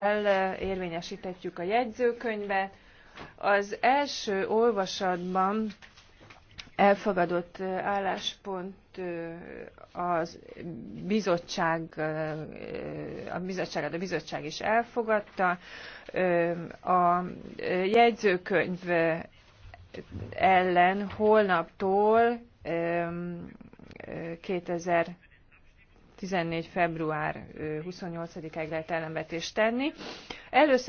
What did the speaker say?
el a jegyzőkönyvet. Az első olvasatban elfogadott álláspont az bizottság, a bizottságot a bizottság is elfogadta. A jegyzőkönyv ellen holnaptól 2000 14. február 28 ig lehet ellenvetést tenni. Először